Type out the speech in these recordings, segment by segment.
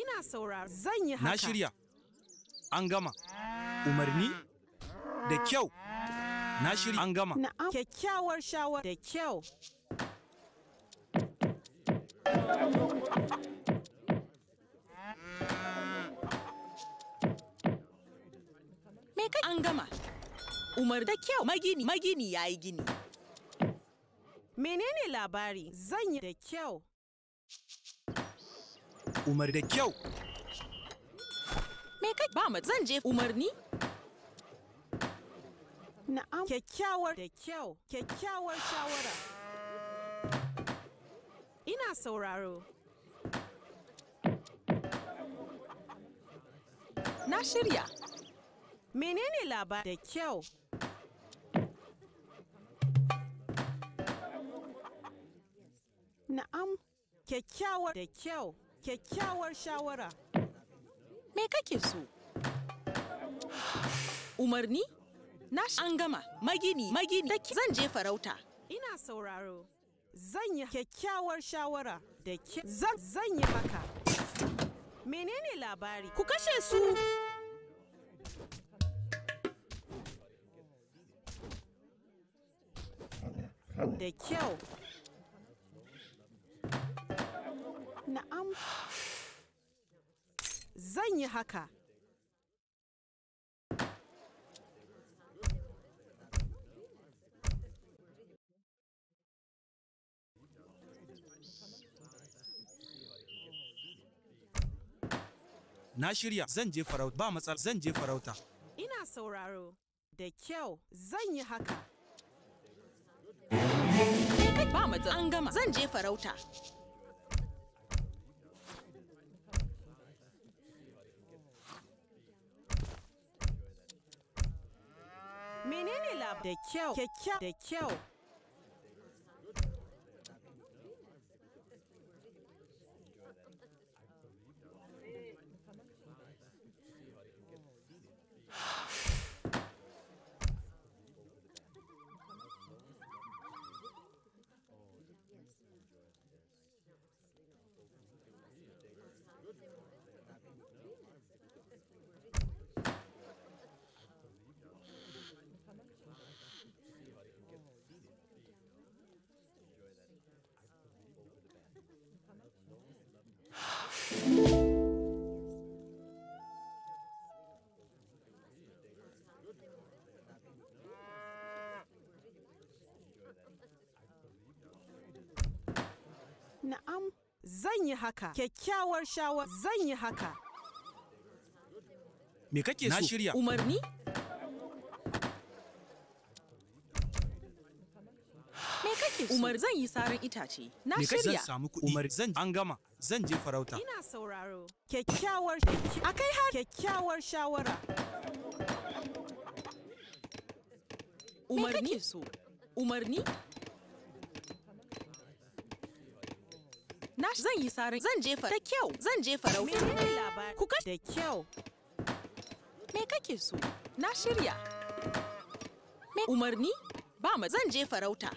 Ina sauraro. Zan yi haka. Na shirya. An gama. Umarni da kyau. Na shirya an gama. Kyakkyawar shawara da kyau. Me kai an gama. Umar da kyau. Magini, magini yayi gini. Menene labari? Zan yi da kyau. Umar da kyau. Me kai ba zan je umarni? Na'am. Kyakkyawar da kyau, kyakkyawar shawara. Ina sauraro. Na shirya. Menene labar da kyau? Na'am, kyakkyawar da kyau. kyakkyawar shawara. Me kake so? Umarni? Na an gama, magini, magini, zan je farauta. Ina sauraro, zan yi kyakkyawar shawara da ke zan yi maka. Menene labari? Ku kashe su! Da kyau. Na'am. Zan yi haka. Na shirya zan je farauta ba matsal zan je farauta. Ina sauraro da kyau zan yi haka. Ba matsal an gama zan je farauta. menene lab da kyau kyau da kyau Good. Na'am, zan yi haka. Kyakkyawar shawar zan yi haka. Me kake so? Na shirya. Umarni? kake so? Umar zan yi sarin itace. Na shirya. Me Zan samu kuɗi. Umar zan an gama. Zan je farauta. Ina sauraro. Kyakkyawar akai har kyakkyawar shawara. Umarni so. Umarni? Na zan yi sarin zan je farauta. da kyau zan je farauta. Me ne labar? Kuka da kyau. Me kake so? Na shirya. Umarni? Ba ma zan je farauta.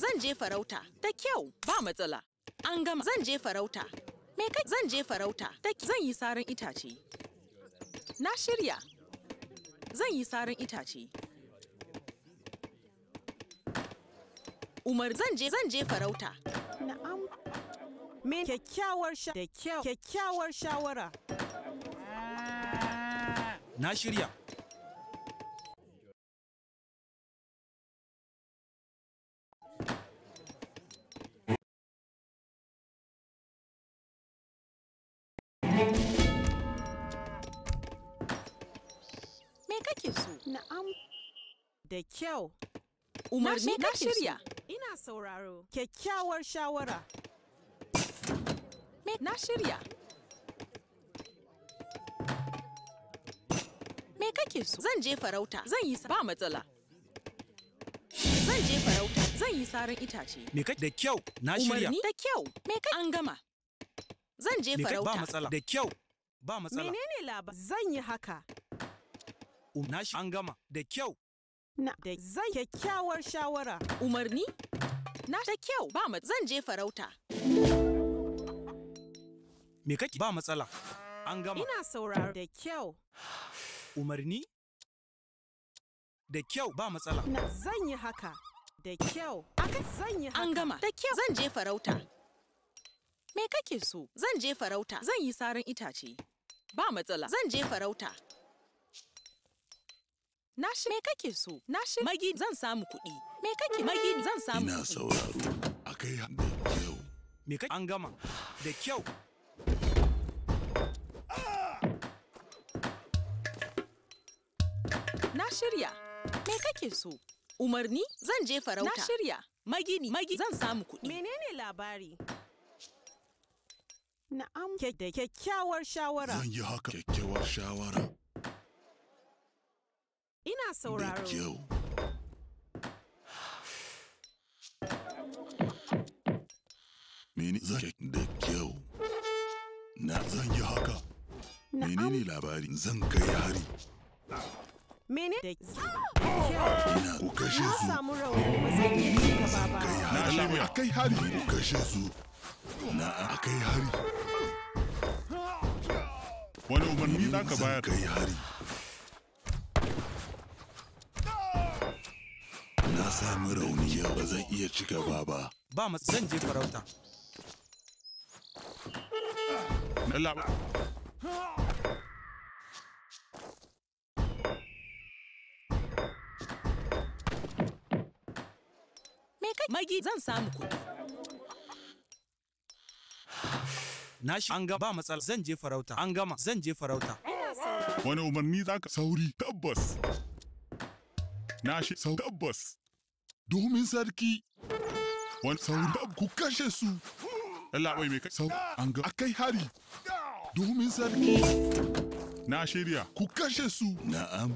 Zan je farauta. Ta kyau, ba matsala. An gama. Zan je farauta. Me kai? Zan je farauta. Ta zan yi sarin itace. Na shirya. Zan yi sarin itace. Umar zan je zan je farauta. Na'am. Me kyakkyawar sha da kyau kyakkyawar shawara. Na shirya. Na'am. Da kyau. Umarni ka shirya. Ina sauraro. Kyakkyawar shawara. Na shirya. Me kake so? Zan je farauta. Zan yi ba matsala. Zan je farauta. Zan yi sarin itace. Me kake da kyau? Na shirya. Umarni da kyau. Me kake? An gama. Zan je farauta. Me kake ba matsala. Da kyau. Ba matsala. Menene labar? Zan yi haka. nashi an gama da kyau. Na da zai kyakkyawar shawara. Umarni? Na da kyau ba mat zan je farauta. Me kake ba matsala? An gama. Ina sauraro da kyau. Umarni? Da kyau ba matsala. Na zan yi haka. Da kyau. Aka zan yi haka. An gama. Da kyau. Zan je farauta. Me kake so? Zan je farauta. Zan yi sarin itace. Ba matsala. Zan je farauta. Na shi me kake so? Na shi magi zan samu kuɗi. Me kake magi zan samu Ina sauraro. Akai da kyau. Me kake an gama da kyau. Na shirya. Me kake so? Umarni zan je farauta. Na shirya. Magini magi zan samu kuɗi. Menene labari? Na'am. Kyakkyawar shawara. Zan yi haka kyakkyawar shawara. Ina sauraro. Mene zake da kyau? Na zan yi haka. Mene ne labari zan kai hari? Mene da Ina ku kashe su. Na samu rauni ba zan iya ci gaba ba. Kai hari. Na Ku kashe su. Na a kai hari. Wani umarni za ka bayar? Kai hari. samu rauni yau ba zan iya ci gaba ba. Ba mu zan je farauta. Me kai? Magi zan samu kuɗi. Na shi an gaba ba matsala zan je farauta. An gama zan je farauta. Wani umarni za ka sauri tabbas. Na shi sau tabbas. domin sarki wani sauran ku kashe su labai mai sau an ga akai hari domin sarki na shirya ku kashe su na'am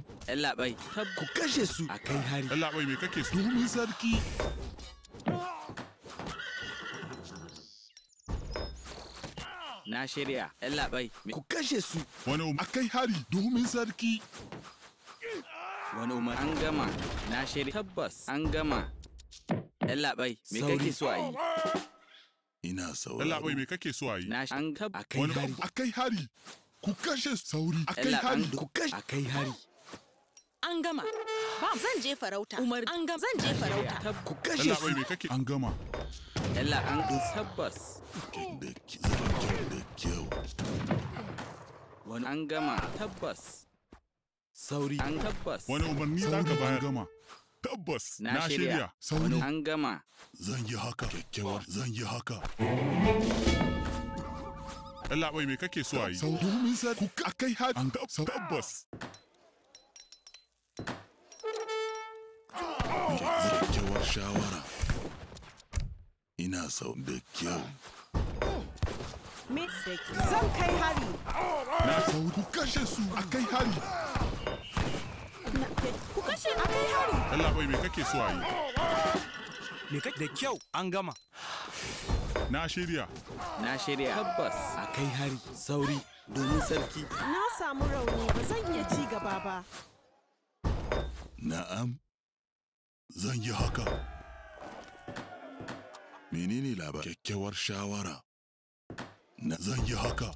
labai ku kashe su akai hari labai mai kake su domin sarki na shirya labai ku kashe su wani um- akai hari domin sarki wani umar an gama na shiri. tabbas an gama ɗan labai me kake so a yi ina sauri. ɗan labai me kake so a yi na an kab akai hari akai hari ku kashe sauri A kai hari ku kashe A kai hari an gama ba zan je farauta umar an gama zan je farauta ku kashe ɗan labai me kake an gama ɗan labai an tabbas da kyau wani an gama tabbas sauri an tabbas wani umarni za ka bayar gama tabbas na shirya sauri an gama zan yi haka kyakkyawar zan yi haka Allah bai me kake so a yi sauri mun sa ku akai har tabbas kyakkyawar shawara ina sau da kyau zan kai hari na sauri kashe su a kai hari Allah bai me kake so a Me kake da kyau an gama. Na shirya. Na shirya. Tabbas. A kai hari sauri domin sarki. Na samu rauni ba zan iya ci gaba ba. Na'am. Zan yi haka. Menene labar? Kyakkyawar shawara. Na zan yi haka.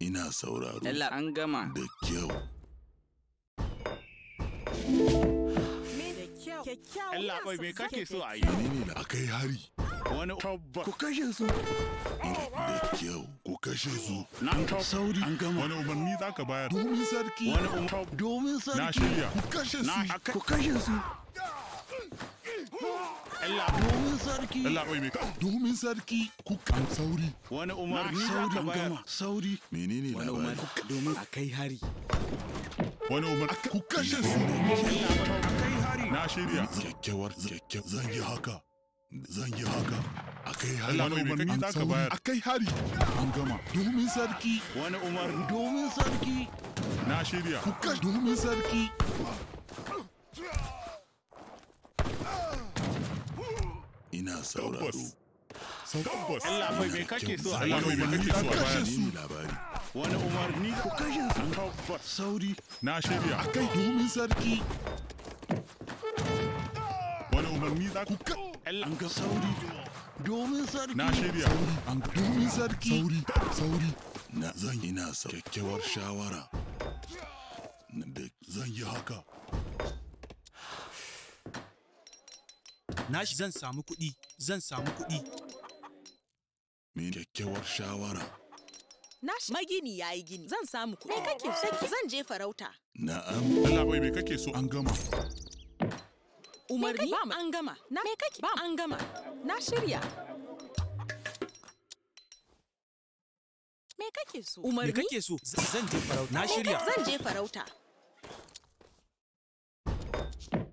Ina sauraro. Allah an gama. Da kyau. thank you Kyakkyawa. Allah bai me kake so a yi? ne da aka yi hari. Wani tabba. Ku kashe su. Da kyau ku kashe su. Na tab. Sauri. An gama. Wani umarni za ka bayar. Domin sarki. Wani umarni. Domin sarki. Na shirya. Ku kashe su. Ku kashe su. domin sarki. Allah bai me Domin sarki. Ku kan sauri. Wani umarni za ka bayar. Sauri. Menene labari? Wani umarni domin a kai hari. Wani umarni. Ku kashe su. na shirya kyakkyawar kyakkyawar zan yi haka zan yi haka akai hari wani umarni za ka bayar akai hari an gama domin sarki wani umar domin sarki na shirya kuka domin sarki ina sauraro tabbas Allah mai me kake so Allah bai me kake so bayani labari wani umarni ku kashe su tabbas sauri na shirya akai domin sarki domin za ku ka Allah ga sauri domin sarki na shirya domin sarki sauri sauri na zan yi na kyakkyawar shawara da zan yi haka na shi zan samu kuɗi zan samu kuɗi min kyakkyawar shawara na shi magini ya yi gini. Zan samu kuɗi. Me kake so? Zan je farauta. Na'am. Allah bai me kake so? An gama. umarni an gama na me kake ba an gama na shirya me kake so umarni me kake so zan je farauta na shirya zan je farauta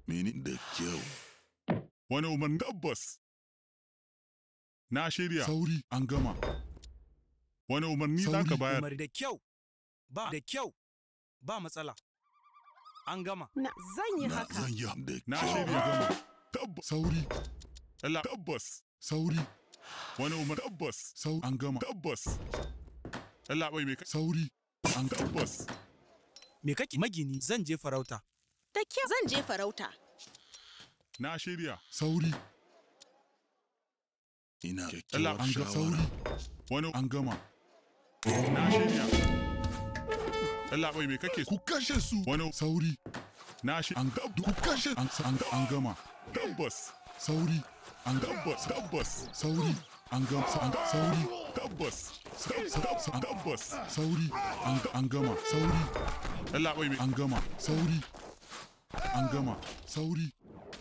meni da kyau wani umarni tabbas na shirya sauri an gama wani umarni zaka ka bayar umarni da kyau ba da kyau ba matsala an gama. Na zan yi haka. Zan yi haka. Na shirya gama. Tabbas. Sauri. Allah. Tabbas. Sauri. Wani umar. Tabbas. Sauri. An gama. Tabbas. Allah bai mai Sauri. An tabbas. Me kake magini zan je farauta. Da kyau. Zan je farauta. Na shirya. Sauri. Ina kyakkyawar shawara. Wani an gama. Oh. Na shirya. Labai me kake ku kashe su wani sauri. Na shi an gab ku kashe an gama. Tabbas sauri an gabbas tabbas sauri an gama sauri tabbas tabbas sauri an gama sauri. Labai me an gama sauri. An gama sauri.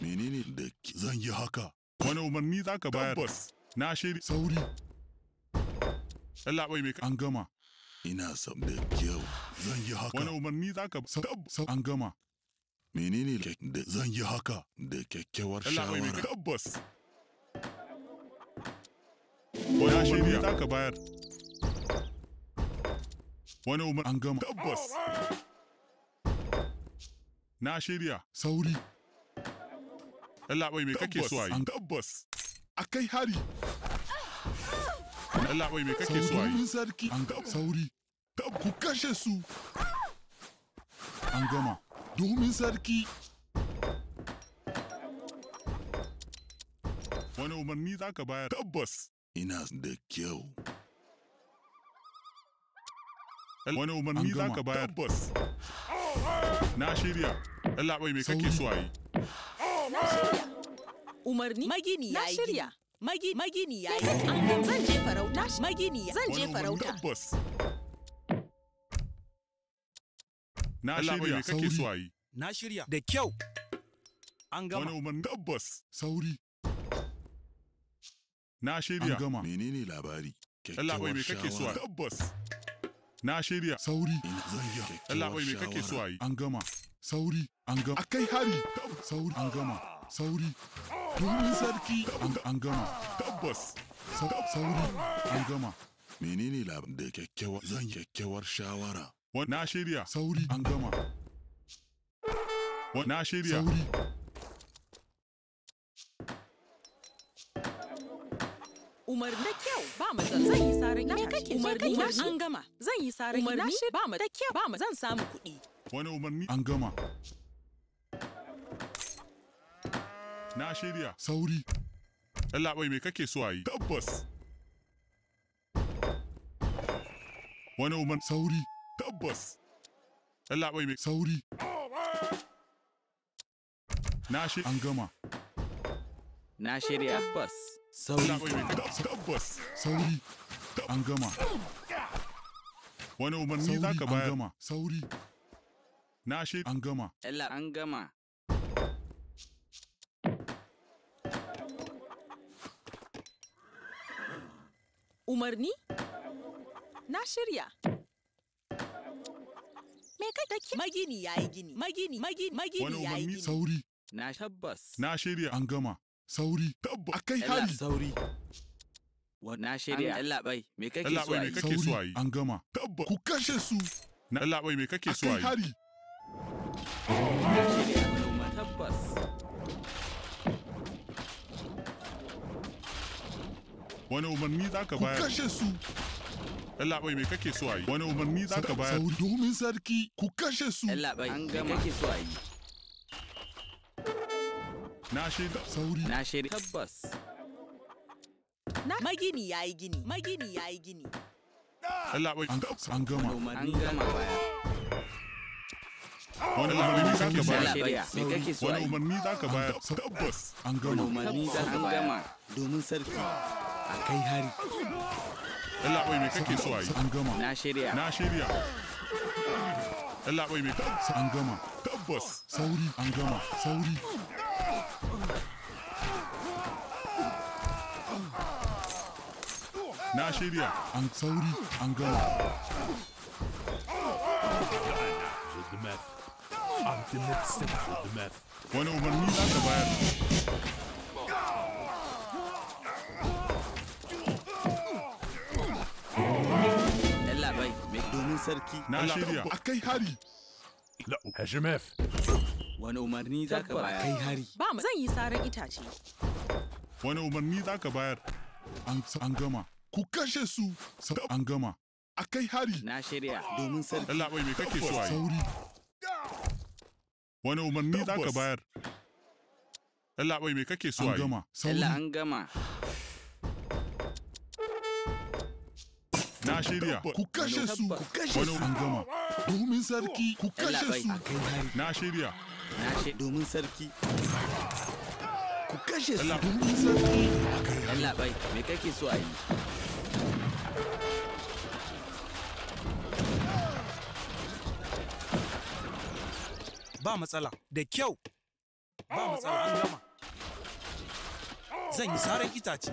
Menene da zan yi haka? Wani umarni za ka bayar? Tabbas na shiri sauri. Allah bai mai an gama. ina sab da kyau zan yi haka wani umarni za ka an gama menene da zan yi haka da kyakkyawar shawara tabbas wani umarni za ka bayar wani umar an gama tabbas na shirya sauri Allah bai me kake so a yi tabbas akai hari Allah bai me kake so sarki an ga sauri ku kashe su an gama domin sarki wani umarni za ka bayar tabbas ina da kyau wani umarni za ka bayar tabbas na shirya Allah bai me kake so ayi umarni magini ya shirya magi magini ya yi zan je farauta magini zan je farauta na shirya kake so a yi na shirya da kyau an gama wani umarni tabbas sauri na shirya an gama menene labari Allah bai me kake so a tabbas na shirya sauri Allah bai me kake so a yi an gama sauri an gama akai hari sauri an gama sauri Turmi sarki an gama. Tabbas. Sauri an gama. Menene labarin da kyakkyawar zan kyakkyawar shawara? Na shirya. Sauri an gama. Na shirya. Sauri. Umar da kyau ba mu zan zan yi sarin ina kake umarni na an gama zan yi sarin ina ba mu da kyau ba mu zan samu kuɗi. Wani umarni an gama. Na shirya. Sauri. Labai me kake so a yi? Tabbas. Wani umar sauri. Tabbas. Labai me sauri. Na shirya. An gama. Na shirya. Tabbas. Sauri. Tabbas. Sauri. An gama. Wani umarni za ka bayar. Sauri. Na shirya. An gama. Allah an gama. Umarni? Na shirya. Me ka daki? Magini ya yi gini. Magini, magini, magini ya yi gini. Sauri. Na tabbas. Na shirya an gama. Sauri. Tabbas. Akai hari. Sauri. Na shirya. An labai. Me kake so ayi Sauri. An gama. Tabbas. Ku kashe su. Na labai me kake so a Akai hari. Na shirya. Tabbas. wani umarni za ka bayar ku kashe su labai me kake so a yi wani umarni za ka bayar domin sarki ku kashe su labai an gama kake so a yi na shaida sauri na shaida tabbas magini ya yi gini magini ya yi gini labai an gama an gama bayar wani umarni za ka bayar wani umarni za ka bayar tabbas an gama domin sarki a kai hari Allah bai me kake so ayi an gama na shirya na shirya Allah bai me kake an gama tabbas sauri an gama sauri na shirya an sauri an gama I'm the next step with the meth. Wani umarni za ka bayar? sarki. Na shirya. A kai hari. Hashimef. Eh, Wani umarni za ka bayar? Kai hari. Ba mu zan yi sarar itace. Wani umarni za ka bayar? An gama. Ku kashe su. An gama. A kai hari. Na shirya. Domin sarki. Allah bai me kake so a Sauri. Wani umarni za ka bayar? Allah bai me kake so a An gama. Sauri. Allah an gama. na shirya ku kashe su ku kashe su gama domin sarki ku kashe su na shirya domin sarki ku kashe su domin sarki Allah bai me kake so a yi ba matsala da kyau ba matsala an gama zan yi saran itace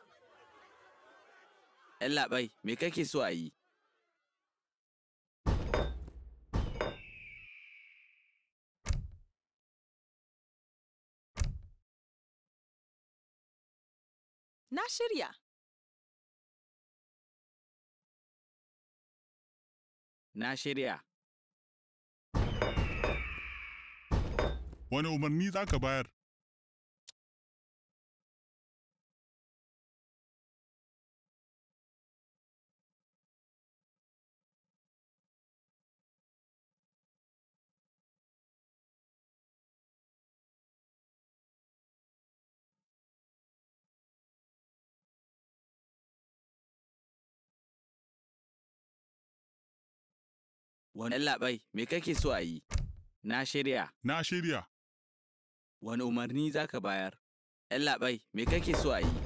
Yallabai, me kake so a yi? Na shirya. Na shirya. Wani umarni za ka bayar? Wani labai, me kake so a yi? Na shirya. Na shirya. Wani umarni za ka bayar? labai, me kake so a yi?